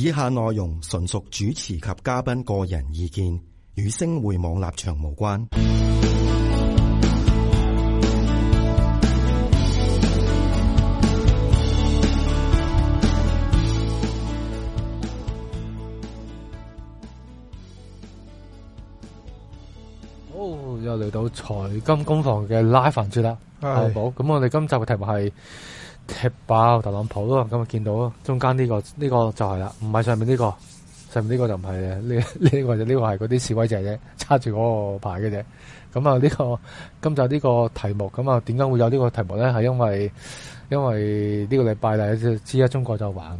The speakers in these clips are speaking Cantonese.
以下內容純屬主持及嘉賓個人意見，與星匯網立場無關。好，又嚟到財金工房嘅拉凡節啦。係、嗯、好，咁我哋今集嘅題目係，踢爆特朗普咯，咁啊見到咯中間呢、這個呢、這個就係啦，唔係上面呢、這個，上面呢個就唔係嘅，呢、這、呢個就呢個係嗰啲示威者啫，揸住嗰個牌嘅啫。咁啊呢個今集呢個題目，咁啊點解會有呢個題目咧？係因為因為呢個禮拜咧，知啊中國就還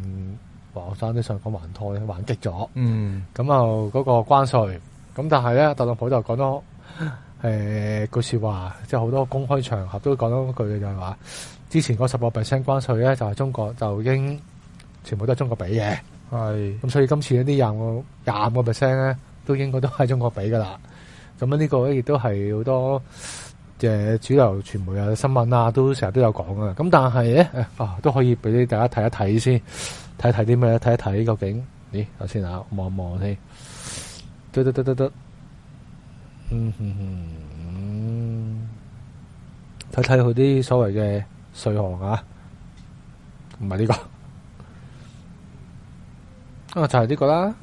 黃山啲香港還拖還還擊咗。嗯。咁啊嗰個關稅，咁但係咧特朗普就講咗，誒、欸、句說話，即係好多公開場合都講咗一句嘅，就係話。之前嗰十個 percent 關稅咧，就係、是、中國就已經全部都係中國俾嘅。係咁，所以今次 25%, 25%呢，廿五廿五個 percent 咧，都應該都係中國俾噶啦。咁啊，呢個咧亦都係好多嘅主流傳媒啊、新聞啊，都成日都有講噶。咁但係咧啊，都可以俾大家睇一睇先，睇一睇啲咩，睇一睇究竟。咦，頭先啊，望望先，得得得得得，嗯嗯嗯，睇睇佢啲所謂嘅。稅項啊，唔係呢個，啊就係、是、呢個啦。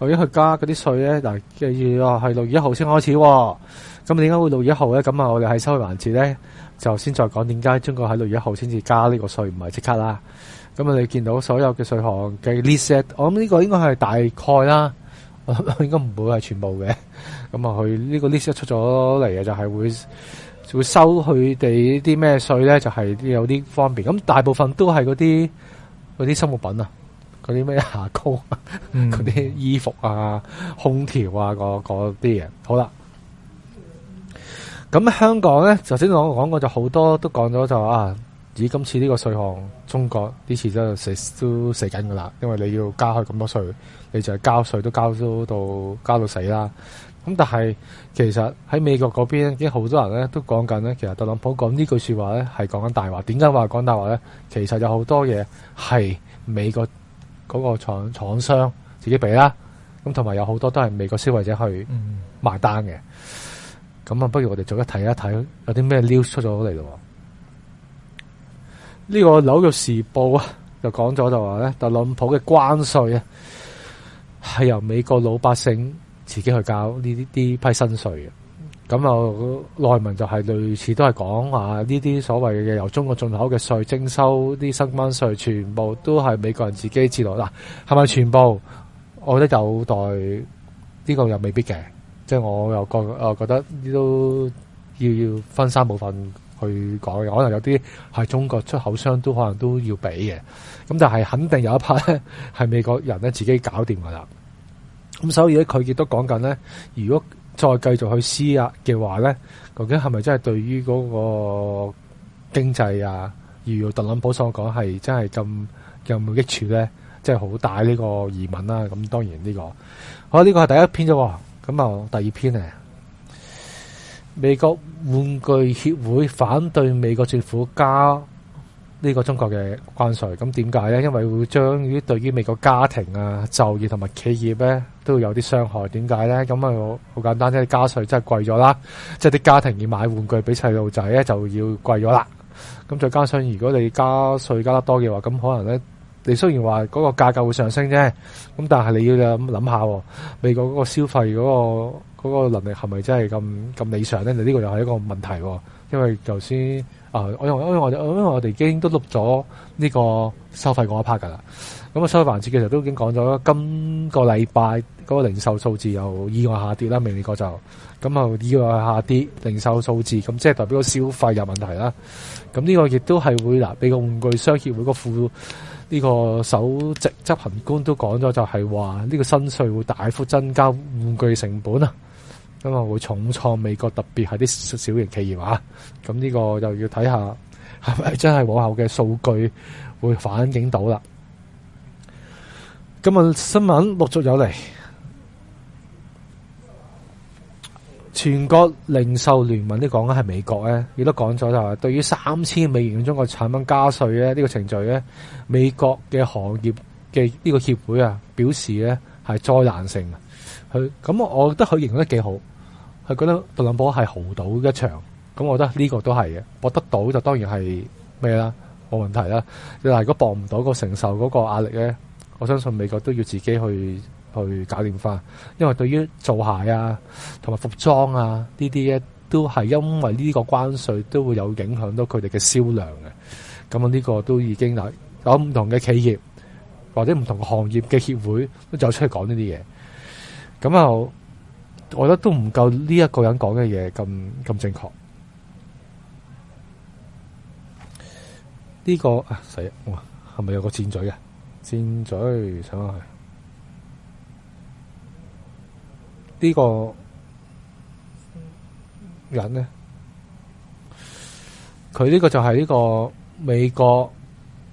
由於去加嗰啲稅咧，嗱，記住啊，係六月一號先開始，咁點解會六月一號咧？咁啊，我哋喺收尾環節咧，就先再講點解中國喺六月一號先至加呢個稅，唔係即刻啦。咁啊，你見到所有嘅稅項嘅 list 咧，我諗呢個應該係大概啦，我諗應該唔會係全部嘅。咁啊，佢呢個 list 出咗嚟嘅就係會。就會收佢哋啲咩稅咧，就係有啲方便。咁大部分都係嗰啲嗰啲生活品啊，嗰啲咩牙膏、嗰、嗯、啲 衣服啊、空調啊，嗰啲嘢。好啦，咁香港咧，頭先我講過就好多都講咗就啊，以今次呢個稅項，中國呢次真係死都死緊噶啦，因為你要加去咁多稅，你就係交稅都交到交到死啦。咁但係其實喺美國嗰邊已經好多人咧都講緊咧，其實特朗普講呢句說話咧係講緊大話。點解話講大話咧？其實有好多嘢係美國嗰個廠廠商自己俾啦，咁同埋有好多都係美國消費者去埋單嘅。咁、嗯、啊，不如我哋逐一睇一睇有啲咩 news 出咗嚟咯。呢個紐約時報啊，就講咗就話咧，特朗普嘅關稅啊，係由美國老百姓。自己去交呢啲啲批新稅嘅，咁啊內文就係類似都係講話呢啲所謂嘅由中國進口嘅稅徵收啲新班稅，全部都係美國人自己自落。嗱，係咪全部？我覺得有待呢、呢個又未必嘅，即係我又我覺啊覺得呢都要要分三部分去講嘅，可能有啲係中國出口商都可能都要俾嘅，咁就係肯定有一 part 係美國人咧自己搞掂㗎啦。咁所以咧，佢亦都講緊咧，如果再繼續去施壓嘅話咧，究竟係咪真係對於嗰個經濟啊，如特朗普所講係真係咁有冇益處咧？即係好大呢個疑問啦。咁當然呢、呢個，好呢、呢個係第一篇啫。咁啊，第二篇咧，美國玩具協會反對美國政府加呢個中國嘅關稅。咁點解咧？因為會將啲對於美國家庭啊、就業同埋企業咧。都有啲傷害，點解咧？咁啊，好簡單啫，加稅真係貴咗啦，即係啲家庭要買玩具俾細路仔咧，就要貴咗啦。咁再加上如果你加稅加得多嘅話，咁可能咧，你雖然話嗰個價格會上升啫，咁但係你要諗諗下，美國嗰個消費嗰、嗰個嗰個能力係咪真係咁咁理想咧？你呢個又係一個問題喎，因為頭先。啊！我因為我哋因為我哋已經都錄咗呢個收費嗰一 part 噶啦，咁啊，收費環節其實都已經講咗啦。今個禮拜嗰個零售數字又意外下跌啦，明年個就咁啊，意外下跌零售數字，咁即係代表個消費有問題啦。咁呢個亦都係會嗱，畀個玩具商協會個副呢個首席執行官都講咗，就係話呢個新稅會大幅增加玩具成本啊。今日會重創美國，特別係啲小型企業啊！咁呢個又要睇下係咪真係往後嘅數據會反映到啦。今日新聞陸續有嚟，全國零售聯盟都講緊係美國咧，亦都講咗就話，對於三千美元中國產品加稅咧，呢個程序咧，美國嘅行業嘅呢個協會啊，表示咧係災難性佢咁，我覺得佢形容得幾好。佢覺得特朗普係豪賭一場，咁我覺得呢個都係嘅。博得到就當然係咩啦，冇問題啦。你話如果博唔到，個承受嗰個壓力咧，我相信美國都要自己去去搞掂翻。因為對於做鞋啊，同埋服裝啊呢啲咧，都係因為呢個關稅都會有影響到佢哋嘅銷量嘅。咁啊，呢個都已經有有唔同嘅企業或者唔同行業嘅協會都就出去講呢啲嘢。咁啊，我覺得都唔夠呢一個人講嘅嘢咁咁正確。呢、這個啊，死哇，係咪有個戰嘴嘅、啊、戰嘴？想下去呢、這個人呢？佢呢個就係呢個美國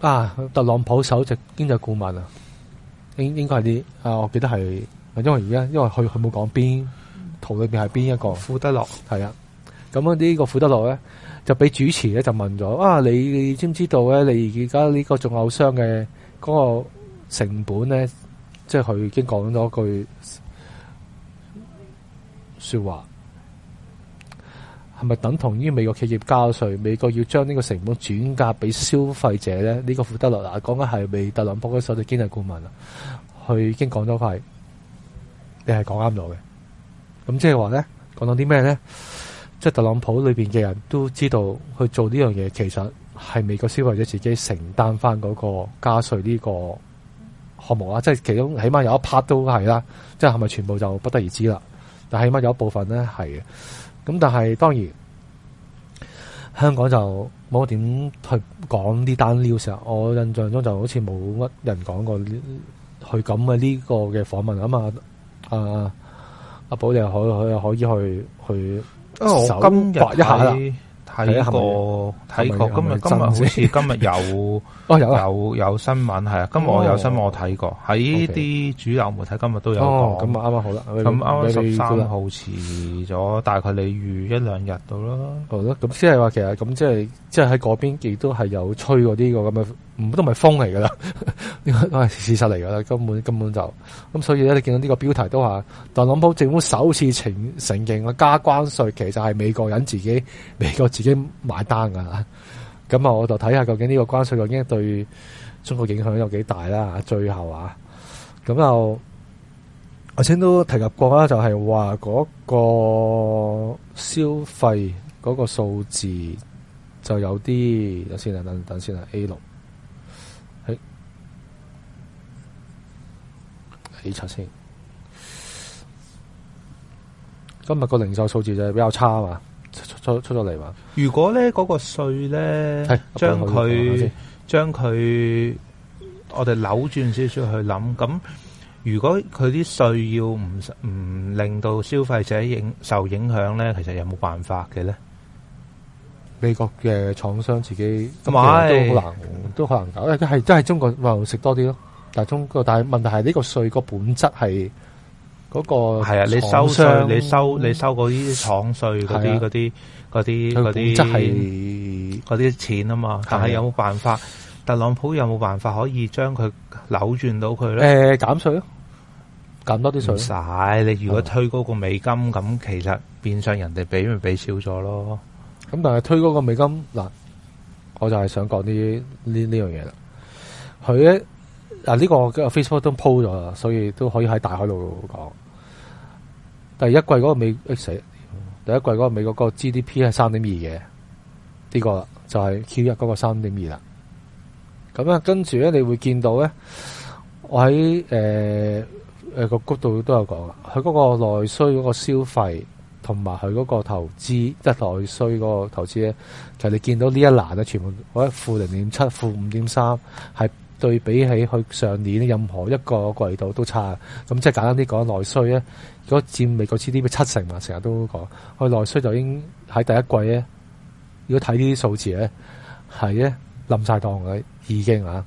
啊特朗普首席經濟顧問啊，應應該係啲啊，我記得係。因為而家，因為佢佢冇講邊圖裏邊係邊一個富，個富德樂係啊，咁呢個富德樂咧就俾主持咧就問咗啊，你，你知唔知道咧？你而家呢個仲有傷嘅嗰個成本咧，即係佢已經講咗句說話，係咪等同於美國企業交稅？美國要將呢個成本轉嫁俾消費者咧？呢、這個富德樂嗱，講緊係被特朗普嘅首席經濟顧問啊，佢已經講咗塊。你係講啱咗嘅，咁即係話咧，講到啲咩咧？即係特朗普裏面嘅人都知道去做呢樣嘢，其實係美國消費者自己承擔翻嗰個加稅呢個項目啊、嗯。即係其中起碼有一 part 都係啦，即係係咪全部就不得而知啦？但係起碼有一部分咧係嘅。咁但係當然香港就冇點去講呢單 news 啊。我印象中就好似冇乜人講過去咁嘅呢個嘅訪問啊嘛。啊！阿寶你又可可可以去去搜查、啊、一下啦。睇過睇過，今日今日好似今日有 哦有有有新聞係啊！今日我有新聞我睇過，喺啲主流媒體今日都有講，咁啊啱啊好啦，咁啱啱十三號，遲咗大概你預一兩日到啦。好啦，咁先係話其實咁即係即係喺嗰邊亦都係有吹過嗰啲咁嘅。唔都唔係風嚟噶啦，呢個係事實嚟噶啦。根本根本就咁，所以咧，你見到呢個標題都話，特朗普政府首次承承認啊加關稅，其實係美國人自己美國自己買單噶。咁啊，我就睇下究竟呢個關稅究竟對中國影響有幾大啦。最後啊，咁又我先都提及過啦，就係話嗰個消費嗰個數字就有啲等先啊，等等先啊，A 六。先，今日個零售數字就比較差嘛，出出咗嚟嘛。如果咧嗰個稅咧，將佢將佢，我哋扭轉少少去諗。咁如果佢啲稅要唔唔令到消費者影受影響咧，其實有冇辦法嘅咧？美國嘅廠商自己咁都好難，都好難搞。係真係中國話，食多啲咯。但問中國，但係問題係呢個稅個本質係嗰個係啊！你收稅，你收你收嗰啲廠稅嗰啲嗰啲嗰啲，即係嗰啲錢啊嘛！是但係有冇辦法？特朗普有冇辦法可以將佢扭轉到佢咧？誒、呃，減稅咯，減多啲稅。唔你如果推高個美金咁，其實變相人哋俾咪俾少咗咯。咁但係推高個美金嗱，我就係想講呢呢呢樣嘢啦。佢咧。嗱，呢個我 facebook 都 po 咗，所以都可以喺大海度講。第一季嗰個美、哎，第一季嗰個美國個 GDP 係三點二嘅，呢、這個就係 Q 一嗰個三點二啦。咁啊，跟住咧，你會見到咧，我喺誒誒個谷度都有講，佢嗰個內需嗰個消費同埋佢嗰個投資，即係內需嗰個投資咧，就係，你見到一呢一欄咧，全部我一負零點七，負五點三係。對比起去上年任何一個季度都差，咁即係簡單啲講，內需咧，如果占美國 GDP 七成嘛，成日都講，佢內需就已經喺第一季咧，如果睇呢啲數字咧，係咧冧晒檔嘅，已經啊，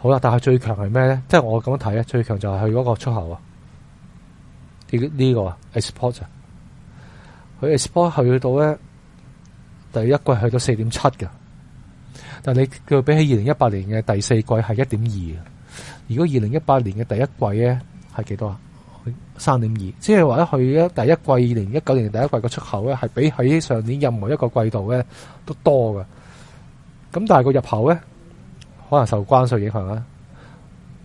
好啦，但係最強係咩咧？即係我咁樣睇咧，最強就係佢嗰個出口啊，呢、呢個 export 佢 export 去到咧第一季去到四點七嘅。但你對比起二零一八年嘅第四季係一點二，如果二零一八年嘅第一季咧係幾多啊？三點二，即係話咧佢第一季二零一九年第一季個出口咧係比起上年任何一個季度咧都多嘅。咁但係個入口咧可能受關稅影響啊，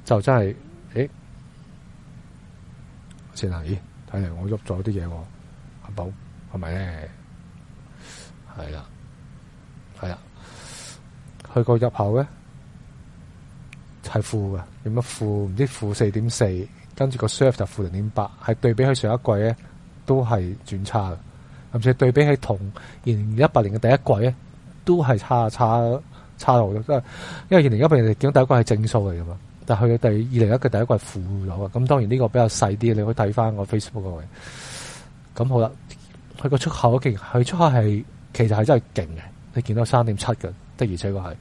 就真係誒，先啊，咦，睇嚟我喐咗啲嘢喎，阿寶係咪咧？係啦，係啦。去個入口咧係負嘅，點樣負唔知負四點四，跟住個 service 就負零點八，係對比起上一季咧都係轉差嘅，甚至對比起同二零一八年嘅第一季咧都係差差差好多。因為因為二零一八年嘅到第一季係正數嚟噶嘛，但係去到第二零一嘅第一季係負咗嘅。咁當然呢個比較細啲，你可以睇翻我 Facebook 嗰位。咁好啦，佢個出口勁，佢出口係其實係真係勁嘅，你見到三點七嘅。的而且確係，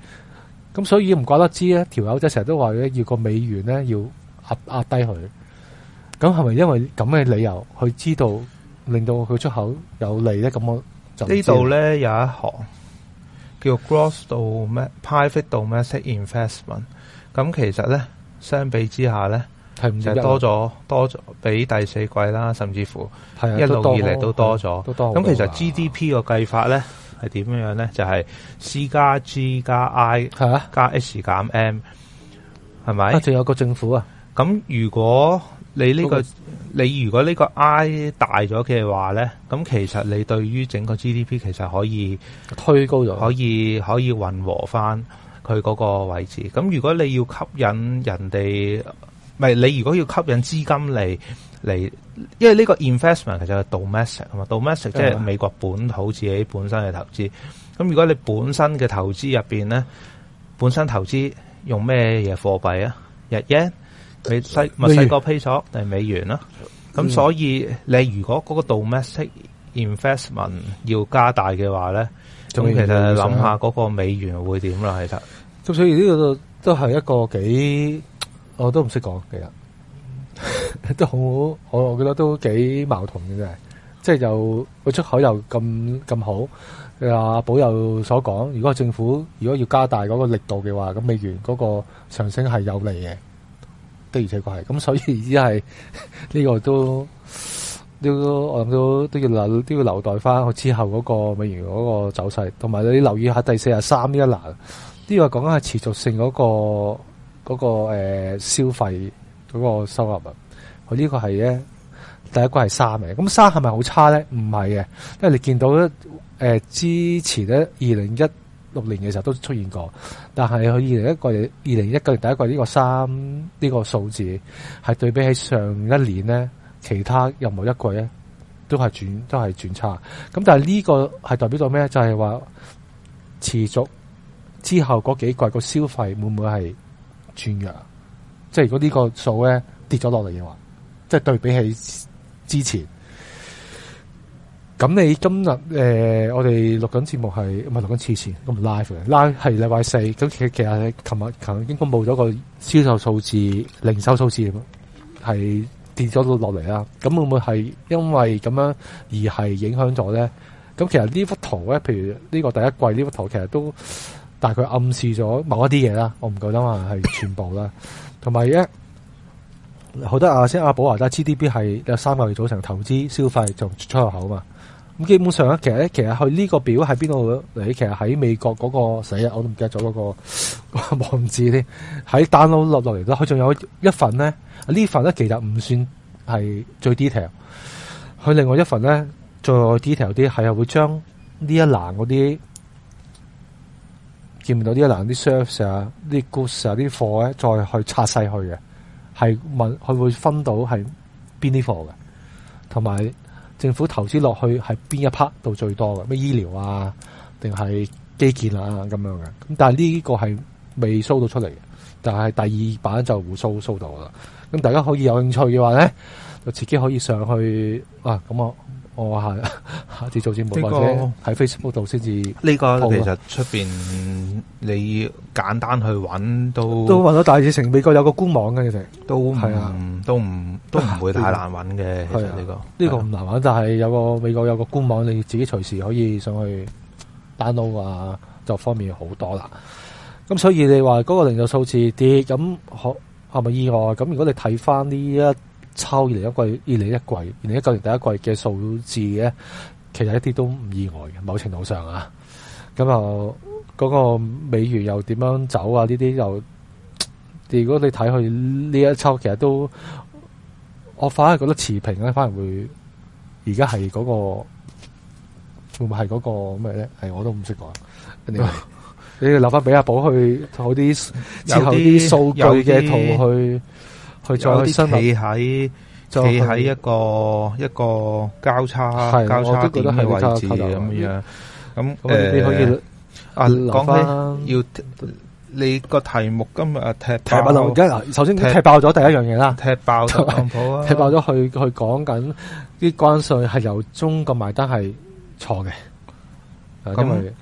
咁所以唔怪得知咧，條友仔成日都話咧，要個美元咧要壓壓低佢。咁係咪因為咁嘅理由去知道令到佢出口有利咧？咁我就知道呢度咧有一行叫做 gross 到 Dom- private 到 domestic investment。咁其實咧，相比之下咧，係唔知多咗多咗比第四季啦，甚至乎一路以嚟都多咗。都多咁其實 GDP 嘅計法咧。係點樣呢？就係、是、C、啊、加 G 加 I 加 S 減 M，係咪？仲、啊、有個政府啊？咁如果你呢、呢個你如果呢個 I 大咗嘅話呢，咁其實你對於整個 GDP 其實可以推高咗，可以可以混合翻佢嗰個位置。咁如果你要吸引人哋，唔係你如果要吸引資金嚟嚟。因為呢個 investment 其實係 domestic 啊嘛，domestic 即係美國本土自己本身嘅投資。咁如果你本身嘅投資入邊咧，本身投資用咩嘢貨幣啊？日,日,日元、美西、咪細個批索定美元咯？咁所以你如果嗰個 domestic investment 要加大嘅話咧，仲其實諗下嗰個美元會點啦？其實咁所以呢個都都係一個幾我都唔識講嘅人。其實都好，我我覺得都幾矛盾嘅，即係又個出口又咁咁好，阿保又所講，如果政府如果要加大嗰個力度嘅話，咁美元嗰個上升係有利嘅，的而且確係，咁所以而家係呢個都、這個、都我諗都都要留都要留待翻去之後嗰個美元嗰個走勢，同埋你留意下第四十三呢一欄，呢、這個講緊係持續性嗰、那個嗰、那個誒、呃、消費嗰個收入啊。佢、這、呢個係咧第一季係三嘅，咁三係咪好差咧？唔係嘅，因為你見到誒之前咧二零一六年嘅時候都出現過，但係佢二零一季二零一九年第一季呢個三呢個數字係對比起上一年咧其他任何一季咧都係轉都係轉差。咁但係呢個係代表到咩？就係、是、話持續之後嗰幾季個消費會唔會係轉弱？即係如果呢個數咧跌咗落嚟嘅話？即係對比起之前，咁你今日誒、呃，我哋錄緊節目係唔係錄緊次次咁 live？live 係禮拜四，咁其實其實琴日琴日已經公佈咗個銷售數字、零售數字，係跌咗到落嚟啦。咁會唔會係因為咁樣而係影響咗咧？咁其實呢幅圖咧，譬如呢個第一季呢幅圖，其實都大概暗示咗某一啲嘢啦。我唔夠膽話係全部啦，同埋咧。好多啊！先阿寶華德 GDP 係有三個月組成，投資、消費就出入口嘛。咁基本上咧，其實咧，其實佢呢個表喺邊度嚟？其實喺美國嗰、嗰個死日我都唔記得咗嗰、嗰個、我唔知。添。喺 download 落落嚟啦，佢仲有一份呢，呢份呢份咧其實唔算係最 detail。佢另外一份咧，再 detail 啲，係會將呢一欄嗰啲見唔到呢一欄啲 service 啊、啲 goods 啊、啲貨咧，再去拆細去嘅。係問佢會分到係邊啲貨嘅，同埋政府投資落去係邊一 part 到最多嘅？咩醫療啊，定係基建啊咁樣嘅？咁但係呢個係未 show 到出嚟嘅，但係第二版就會 show show 到啦。咁大家可以有興趣嘅話咧，就自己可以上去啊。咁我。我 係下次做節目或者喺 Facebook 度先至。呢個其實出邊你簡單去揾，都都揾到。大致美國有個官網嘅，其實都係啊，都唔都唔會太難揾嘅，呢個呢個唔難揾啊，但係有個美國有個官網你自己隨時可以上去 download 啊，就方便好多啦。咁所以你話嗰個零售數字跌咁係咪意外？咁如果你睇翻呢一抽二零一季、二零一季、二零一九年第一季嘅數字咧，其實一啲都唔意外嘅。某程度上啊，咁啊，嗰、嗰個美元又點樣走啊？呢啲又，如果你睇佢呢一抽，其實都，我反而覺得持平咧，反而會而家係嗰個，會唔會係嗰個咩咧？係我都唔識講。你 你留翻俾阿寶去好啲，之後啲數據嘅圖，圖去。佢再啲企喺企喺一個一個交叉交叉點位置，咁樣，咁誒，啊，講翻要你個題目今日踢踢爆，而家首先踢爆咗第一樣嘢啦，踢爆特朗普啊！踢爆咗佢，佢講緊啲關稅係由中國埋單係錯嘅，因為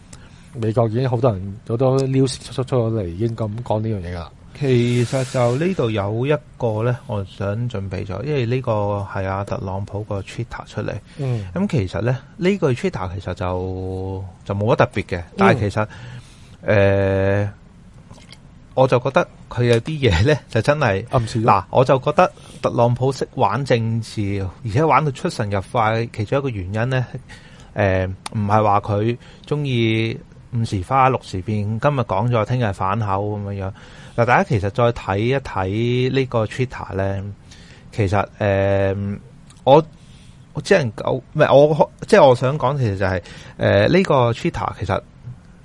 美國已經好多人好多 news 出出出嚟，已經咁講呢樣嘢噶啦。其實就呢度有一個咧，我想準備咗，因為呢個係阿特朗普個 Twitter 出嚟。嗯。咁其實咧，呢、呢個 Twitter 其實就就冇乜特別嘅，嗯、但係其實，誒、呃，我就覺得佢有啲嘢咧就真係，嗱，我就覺得特朗普識玩政治，而且玩到出神入化，其中一個原因咧，誒、呃，唔係話佢中意。五時花，六時變。今日講咗，聽日反口咁樣樣，嗱，大家其實再睇一睇呢個 Twitter 咧，其實誒、呃，我我只能夠，唔係我即係我想講，其實就係誒呢個 Twitter 其實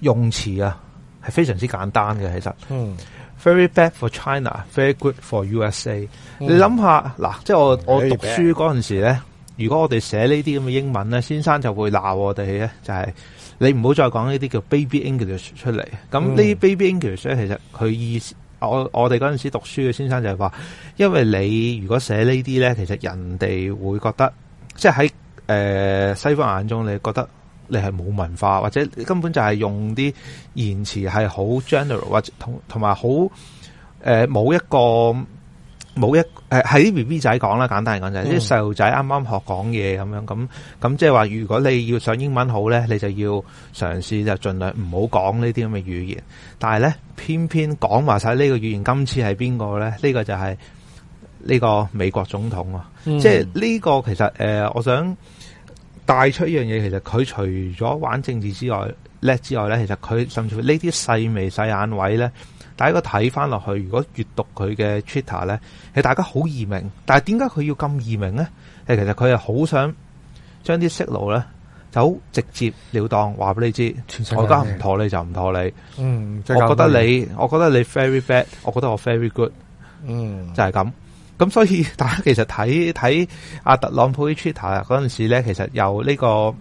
用詞啊，係非常之簡單嘅。其實，嗯、very bad for China，very good for USA，嗯。你諗下，嗱，即係我我讀書嗰陣時咧，如果我哋寫呢啲咁嘅英文咧，先生就會鬧我哋咧，就係，就係。你唔好再講呢啲叫 baby English 出嚟。咁呢啲 baby English，其實佢意思，我我哋嗰陣時讀書嘅先生就係話，因為你如果寫呢啲咧，其實人哋會覺得，即係喺誒西方眼中，你覺得你係冇文化，或者根本就係用啲言辭係好 general，或者同同埋好誒冇一個。冇一誒，係啲 B B 仔講啦，簡單嚟講就係啲細路仔啱啱學講嘢咁樣，咁咁即係話，如果你要上英文好咧，你就要嘗試就盡量唔好講呢啲咁嘅語言。但係咧，偏偏講話晒呢個語言今次係邊個咧？呢個就係呢個美國總統啊！即係呢個其實誒、呃，我想帶出一樣嘢，其實佢除咗玩政治之外叻之外咧，其實佢甚至乎呢啲細微細眼位咧。大家個睇翻落去，如果閱讀佢嘅 Twitter 咧，係大家好易明。但係點解佢要咁易明咧？誒，其實佢係好想將啲思路咧，就好直接了當話俾你知。我覺得唔妥你，就唔妥你。嗯，我覺得你，我覺得你 very bad。我覺得我 very good。嗯，就係咁。咁所以大家其實睇睇阿特朗普 Twitter 嗰陣時咧，其實由呢個。.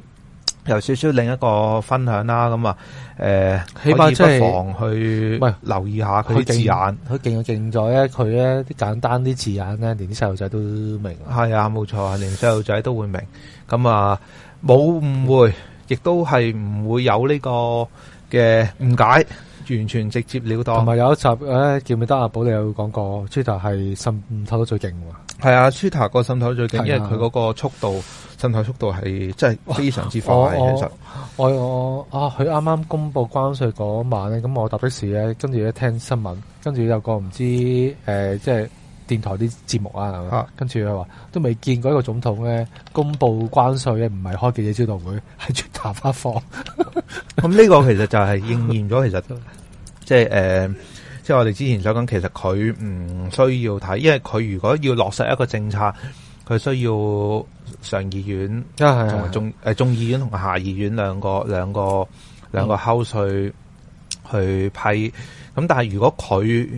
有少少另一個分享啦，咁、呃、啊，誒，起碼不妨去留意下佢啲字眼，佢、就是、勁嘅勁在咧，佢咧啲簡單啲字眼咧，連啲細路仔都明。係啊，冇錯啊，連細路仔都會明。咁啊，冇誤會，亦都係唔會有呢個嘅誤解，完全直接了當。同埋有，有一集叫咩、啊、得阿寶，你有講過 Twitter 係滲透度最勁喎。係啊，Twitter 個滲透最緊、啊，因為佢嗰個速度滲透速度係真係非常之快。其實我我，我，我啊，佢啱啱公布關稅嗰晚咧，咁我搭的士咧，跟住一聽新聞，跟住有個唔知誒、呃，即係電台啲節目啊，跟住佢話都未見過一個總統咧公布關稅咧，唔係開記者招待會，係喺 Twitter 發放。咁、啊、呢 個其實就係應驗咗，其實即係誒。 即、就、係、是、我哋之前所講，其實佢唔需要睇，因為佢如果要落實一個政策，佢需要上議院同中誒中議院同埋下議院兩個兩個兩、嗯、個 house 去，去批。咁但係如果佢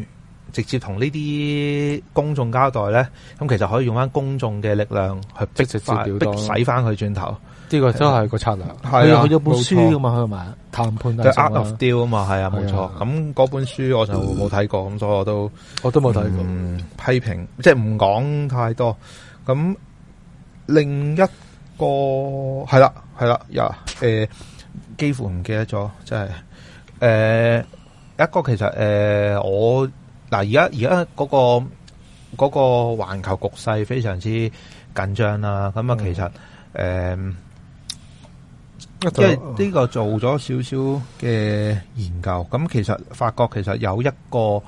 直接同呢啲公眾交代咧，咁其實可以用翻公眾嘅力量去逼直接，逼使翻佢轉頭。呢個真係個策略，係啊，啊有一本書噶嘛，佢埋，談判大師，The Art of Deal 啊嘛。係啊，冇、啊、錯。咁嗰本書我就冇睇過，咁、嗯、所以我都我都冇睇過嗯。嗯，批評即係唔講太多。咁另一個係啦，係啦、啊，有誒、啊啊呃、幾乎唔記得咗，即係誒一個其實誒、呃、我。嗱，而家而家嗰個嗰、那個、球局勢非常之緊張啦。咁啊，其實誒，即係呢個做咗少少嘅研究，咁其實發覺其實有一個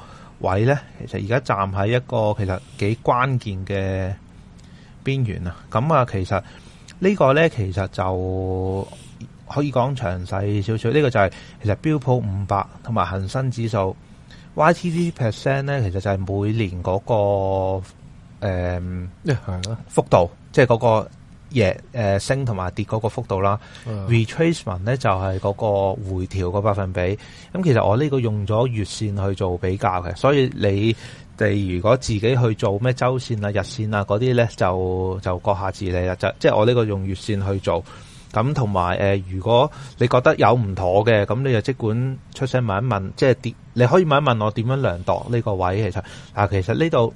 位咧，其實而家站喺一個其實幾關鍵嘅邊緣啊。咁啊，其實呢個咧，其實就可以講詳細少少。呢、這個就係其實標普五百同埋恒生指數。YTD percent 咧，其實就係每年嗰、嗰個誒、嗯 yeah, right. 幅度，即係嗰個升同埋跌嗰個幅度啦。Yeah. Retracement 咧就係嗰個回調嗰百分比。咁其實我呢個用咗月線去做比較嘅，所以你哋如果自己去做咩週線啊、日線啊嗰啲咧，就就閣下自理啦。就即、是、係我呢個用月線去做。咁同埋如果你覺得有唔妥嘅，咁你就即管出聲問一問，即係點？你可以問一問我點樣量度呢個位？其實啊其實呢度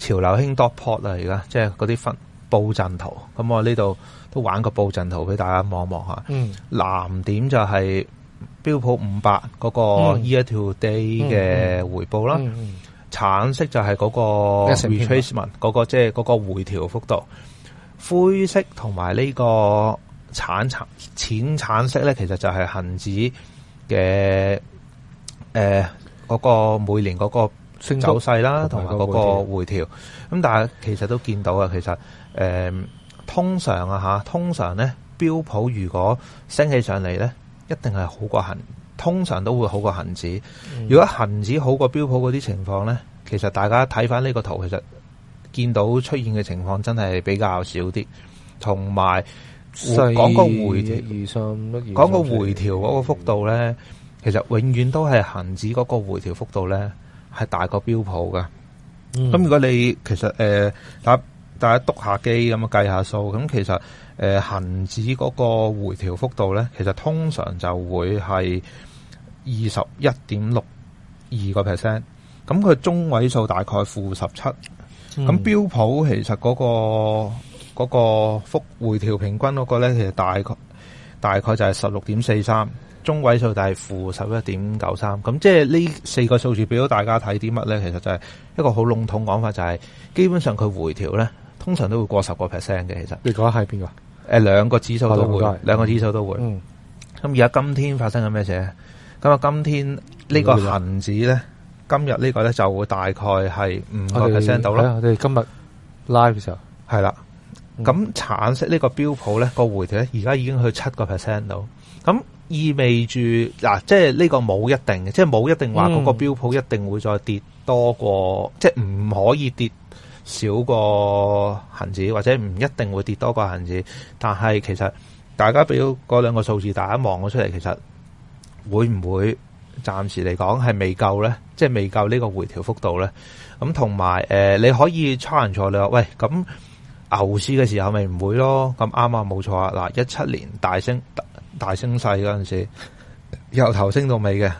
潮流興 dot plot 啦，而家即係嗰啲分報陣圖。咁我呢度都玩個報陣圖俾大家望一望吓。嗯，藍點就係標普五百嗰個 year to day 嘅回報啦。嗯，嗯，嗯，嗯，嗯橙色就係嗰個 retracement 嗰、那個即係嗰個回調幅度。灰色同埋呢個橙橙淺橙色呢，其實就係恒指嘅誒嗰個每年嗰個走勢升走勢啦，同埋嗰個回調。咁但係其實都見到啊，其實誒、呃、通常啊吓，通常呢標普如果升起上嚟呢，一定係好過恒，通常都會好過恒指。嗯、如果恒指好過標普嗰啲情況呢，其實大家睇返呢個圖，其實。見到出現嘅情況真係比較少啲，同埋講個回調，回調嗰個、個幅度咧，其實永遠都係恆指嗰個回調幅度咧係大過標普嘅。咁、嗯、如果你其實誒、呃，大家大家篤下機咁啊，計下數咁，咁其實誒、呃、恆指嗰個回調幅度咧，其實通常就會係二十一點六二個 percent，咁佢中位數大概負十七。咁、嗯、標普其實嗰、嗰個、嗰個幅回調平均嗰個咧，其實大概大概就係十六點四三，中位數就係負十一點九三。咁即係呢四個數字俾到大家睇啲乜咧？其實就係一個好籠統講法、就係，就係基本上佢回調咧，通常都會過十個 percent 嘅。其實你講係邊個？誒、呃，兩個指數都會，謝謝兩個指數都會。咁而家今天發生緊咩事？咧？咁啊，今天個呢個恒指咧？今日呢個咧，就會大概係五個 percent 度咯。我哋今日 live 嘅時候係啦，咁、嗯、橙色呢個標普咧，個回跌而家已經去七個 percent 度，咁意味住嗱、啊，即係呢個冇一定嘅，即係冇一定話嗰個標普一定會再跌多過，嗯、即係唔可以跌少過恒指，或者唔一定會跌多過恒指。但係其實大家俾嗰兩個數字大家望咗出嚟，其實會唔會？暫時嚟講係未夠呢，即係未夠呢個回調幅度呢。咁同埋誒，你可以差人錯略：喂，咁牛市嘅時候咪唔會咯？咁啱啊，冇錯啊！嗱，一七年大升大，大升勢嗰陣時候，由頭升到尾嘅，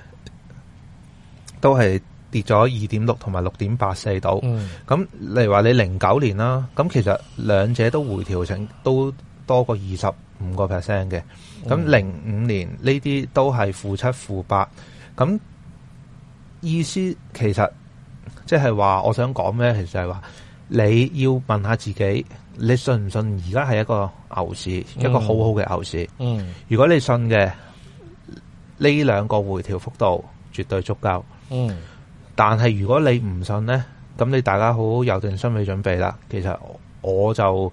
都係跌咗二點六同埋六點八四度。咁、嗯、例如話你零九年啦，咁其實兩者都回調成都多過二十五個 percent 嘅。咁零五年呢啲都係負七負八。咁意思其實即係話，我想講咩？其實係話你要問下自己，你信唔信？而家係一個牛市，嗯、一個好好嘅牛市。嗯，如果你信嘅，呢兩個回調幅度絕對足夠。嗯，但係如果你唔信呢，咁你大家好好有定心理準備啦。其實我就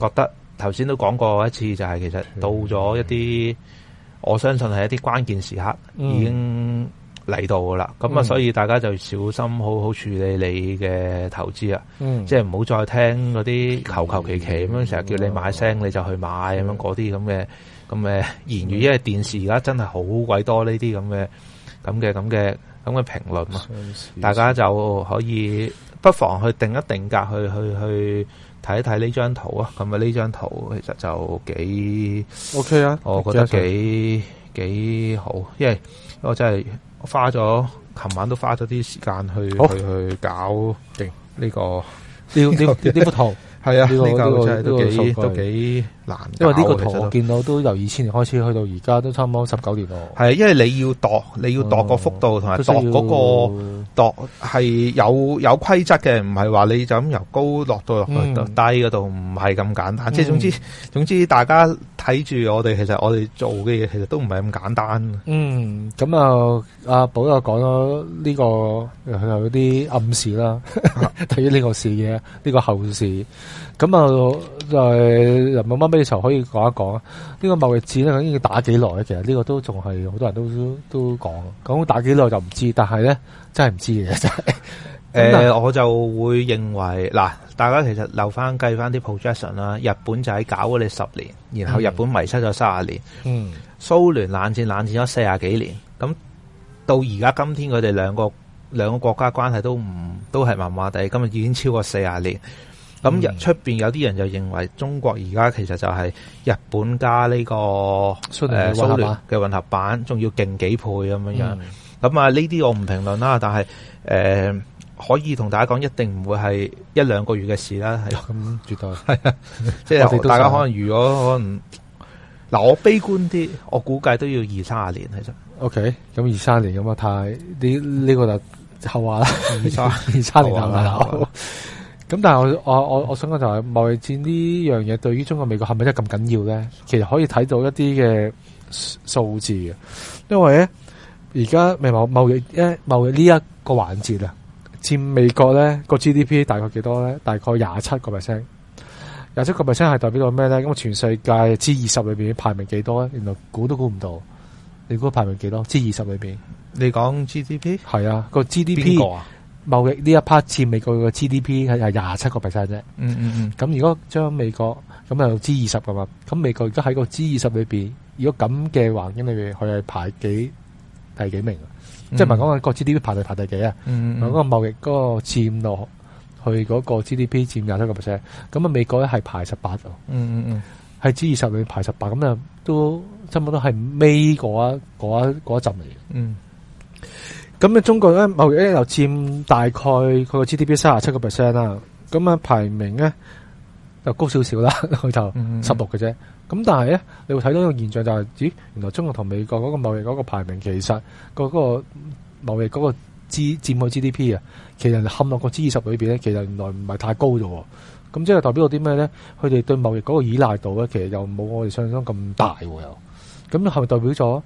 覺得頭先都講過一次，就係、是、其實到咗一啲。我相信係一啲關鍵時刻已經嚟到噶啦，咁、嗯、啊，所以大家就小心好好處理你嘅投資啊、嗯，即係唔好再聽嗰啲求求其其咁樣成日叫你買聲你就去買咁樣嗰啲咁嘅咁嘅言語，因為電視而家真係好鬼多呢啲咁嘅咁嘅咁嘅咁嘅評論嘛，大家就可以。不妨去定一定格去去去睇一睇呢張圖啊。咁啊呢張圖其實就幾 OK 啊，我覺得幾、啊、幾好，因為我真係花咗琴晚都花咗啲時間去去去搞定、呢、呢個呢呢幅圖。 係啊，呢、這個、這個這個、都幾、這個、都幾難的，因為呢個圖我見到都由二千年開始去到而家都差唔多十九年咯。係、啊，因為你要度，你要度個幅度同埋、嗯、度嗰、那個度係有有規則嘅，唔係話你就咁由高落到落去低嗰度，唔係咁簡單。嗯、即係總之，總之大家睇住我哋，其實我哋做嘅嘢其實都唔係咁簡單。嗯，咁、嗯嗯嗯嗯、啊，阿寶又講咗呢個又有啲暗示啦，睇 呢 個市嘅呢、這個後市。咁啊，就係阿乜乜乜，可以講一講啊？呢、這個貿易戰咧，究竟要打幾耐咧？其實呢個都仲係好多人都都講，打幾耐就唔知，但係咧真係唔知嘅真係。誒、呃， 我就會認為嗱，大家其實留翻計翻啲 projection 啦。日本就係搞咗你十年，然後日本迷失咗三十年。嗯。蘇聯冷戰冷戰咗四十幾年，咁到而家今天兩，佢哋兩個兩個國家關係都唔都係麻麻地，咁啊已經超過四十年。咁出邊有啲人就認為中國而家其實就係日本加呢、這個誒蘇聯嘅混合版，仲要勁幾倍咁樣、嗯、樣。咁啊呢啲我唔評論啦，但係誒、呃、可以同大家講，一定唔會係一兩個月嘅事啦。係咁、嗯，絕對係啊！即、就、係、是、大家可能如果， 如果可能嗱，我悲觀啲，我估計都要二三十年其實。O K，咁二三年咁啊太？呢個就後話啦。 二三年難唔 咁但係我我我我想講就係貿易戰呢樣嘢對於中國美國係咪真係咁緊要咧？其實可以睇到一啲嘅數字嘅，因為咧而家未貿貿易咧貿易呢一個環節啊，佔美國咧個 GDP 大概幾多咧？大概廿七個 percent，廿七個 percent 係代表到咩咧？咁全世界 G 二十裏邊排名幾多咧？原來估都估唔到，你估排名幾多？G 二十裏邊，你講 GDP 係啊個 GDP 啊？貿易呢一 part 佔美國嘅 GDP 係廿七個 percent 啫。嗯嗯嗯。咁如果將美國咁到 G 二十噶嘛？咁美國而家喺個 G 二十裏邊，如果咁嘅環境裏邊，佢係排幾排幾名、嗯、即係唔係講緊 GDP 排第排第幾啊？嗯嗯。嗰、嗰個貿易嗰個佔落去嗰個 GDP 佔廿七個 percent，咁啊美國咧係排十八哦。嗯嗯嗯。係 G 二十裏排十八，咁啊都差唔多係尾嗰一一一陣嚟嘅。嗯。嗯嗯咁中國咧貿易咧又佔大概佢個 GDP 三十七個 percent 啦。咁啊，排名咧就高少少啦，佢就十六嘅啫。咁但係咧，你會睇到一個現象就係、是，咦，原來中國同美國嗰個貿易嗰個排名，其實個貿個貿易嗰個佔佔 GDP 啊，其實冚落個 G 二十裏邊咧，其實原來唔係太高啫。咁即係代表咗啲咩咧？佢哋對貿易嗰個依賴度咧，其實又冇我哋想象中咁大又、啊。咁係咪代表咗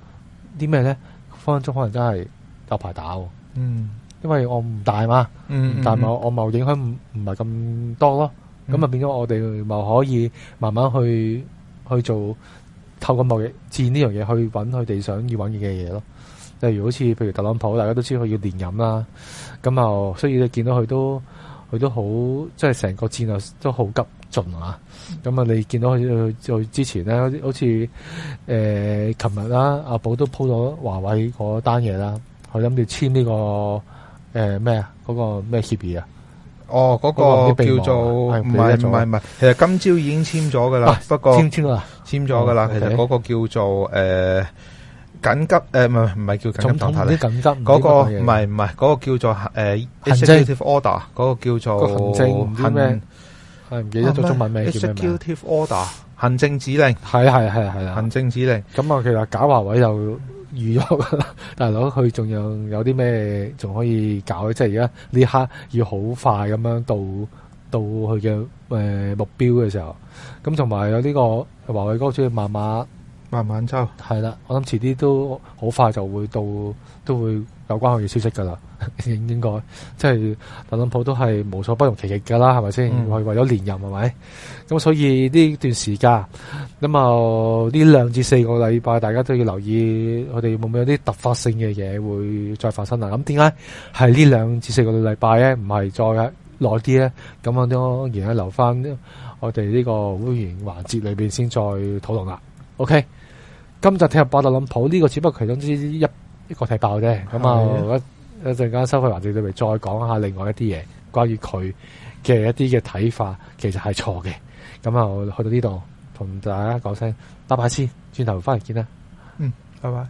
啲咩咧？分分鐘可能真係。有排打喎，嗯，因為我唔大嘛，嗯，嗯，嗯嗯、但係我我貿易影響唔係咁多咯，咁啊變咗我哋咪可以慢慢去去做，透過貿易戰呢樣嘢去揾佢哋想要揾嘅嘢咯。例如好似譬如特朗普，大家都知佢要連任啦，咁啊，所以你見到佢都佢都好，即係成個戰略都好急進啊，咁啊，你見到佢之前咧好似誒琴日啦，阿寶都鋪咗華為嗰單嘢啦。我諗住簽呢個誒咩啊？嗰個咩協議啊？哦，嗰個叫做唔係唔係唔係，其實今朝已經簽咗噶啦。不過簽簽啦，簽咗噶啦。其實嗰個叫做誒緊急誒，唔係唔係叫緊急狀態嚟。緊急嗰個唔係唔係嗰個叫做誒 executive order，嗰個叫做行政唔知咩係，唔記得咗中文名叫咩？executive order 行政指令係係係係啦，行政指令。咁啊，其實搞華為又。預咗啦，大佬，佢仲有有啲咩仲可以搞？即係而家呢刻要好快咁樣到到佢嘅誒目標嘅時候，咁同埋有呢、這個華為公司慢慢。慢慢抽，係啦，我諗遲啲都好快就會到，都會有關佢嘅消息噶啦，應該應該，即係特朗普都係無所不容其極噶啦，係咪先？係、嗯、為咗連任係咪？咁所以呢段時間，咁啊呢兩至四個禮拜，大家都要留意，我哋會唔會有啲突發性嘅嘢會再發生啦？咁點解係呢兩至四個禮拜咧，唔係再耐啲咧？咁啊當然咧，留翻我哋呢個會員環節裏邊先再討論啦。OK。今集踢爆特朗普呢個只不過其中之一一個踢爆啫，咁啊一一陣間收費環節裏邊再講下另外一啲嘢，關於佢嘅一啲嘅睇法，其實係錯嘅。咁啊，去到呢度同大家講聲拜拜先，轉頭翻嚟見啦。嗯，拜拜。